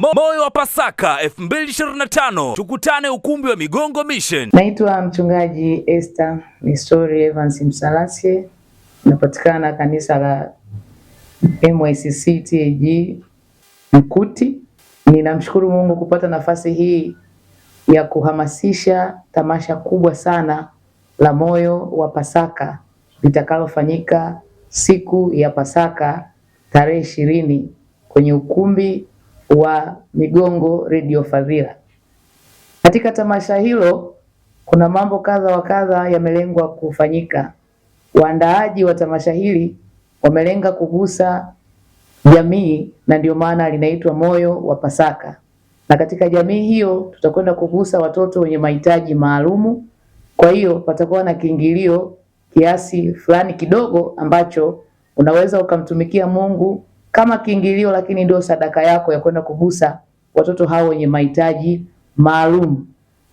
moyo wa Pasaka 2025 tukutane ukumbi wa Migongo Mission. Naitwa mchungaji Esther Misori Evans Msalasye, napatikana kanisa la MICC TAG Mkuti. Ninamshukuru Mungu kupata nafasi hii ya kuhamasisha tamasha kubwa sana la moyo wa Pasaka litakalofanyika siku ya Pasaka tarehe ishirini kwenye ukumbi wa Migongo Radio Fadhila. Katika tamasha hilo kuna mambo kadha wa kadha yamelengwa kufanyika. Waandaaji wa tamasha hili wamelenga kugusa jamii na ndio maana linaitwa Moyo wa Pasaka. Na katika jamii hiyo tutakwenda kugusa watoto wenye mahitaji maalumu. Kwa hiyo patakuwa na kiingilio kiasi fulani kidogo ambacho unaweza ukamtumikia Mungu kama kiingilio, lakini ndio sadaka yako ya kwenda kugusa watoto hao wenye mahitaji maalum.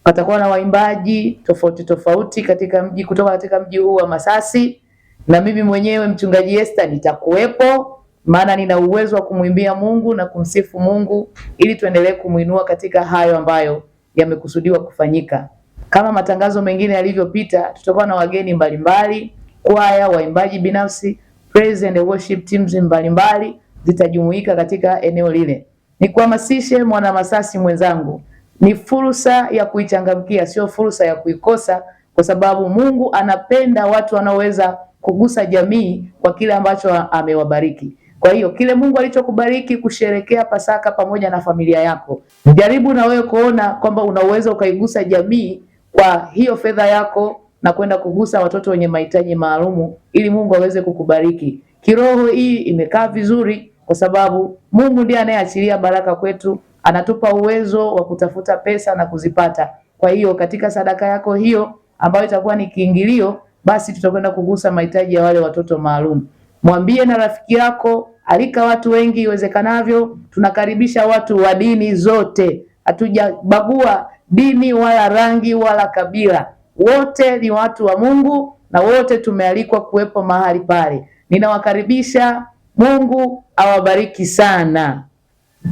Patakuwa na waimbaji tofauti tofauti katika mji kutoka katika mji huu wa Masasi, na mimi mwenyewe mchungaji Esther nitakuwepo, maana nina uwezo wa kumwimbia Mungu na kumsifu Mungu ili tuendelee kumwinua katika hayo ambayo yamekusudiwa kufanyika. Kama matangazo mengine yalivyopita, tutakuwa na wageni mbalimbali, kwaya, waimbaji binafsi, praise and worship teams mbalimbali zitajumuika katika eneo lile. Nikuhamasishe mwana Masasi mwenzangu, ni fursa ya kuichangamkia, sio fursa ya kuikosa, kwa sababu Mungu anapenda watu wanaoweza kugusa jamii kwa kile ambacho amewabariki. Kwa hiyo kile Mungu alichokubariki kusherekea Pasaka pamoja na familia yako, jaribu na wewe kuona kwamba una uwezo ukaigusa jamii kwa hiyo fedha yako na kwenda kugusa watoto wenye mahitaji maalumu, ili Mungu aweze kukubariki kiroho. Hii imekaa vizuri kwa sababu Mungu ndiye anayeachilia baraka kwetu, anatupa uwezo wa kutafuta pesa na kuzipata. Kwa hiyo katika sadaka yako hiyo ambayo itakuwa ni kiingilio, basi tutakwenda kugusa mahitaji ya wale watoto maalum. Mwambie na rafiki yako, alika watu wengi iwezekanavyo. Tunakaribisha watu wa dini zote, hatujabagua dini wala rangi wala kabila, wote ni watu wa Mungu na wote tumealikwa kuwepo mahali pale. Ninawakaribisha Mungu awabariki sana.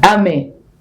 Amen.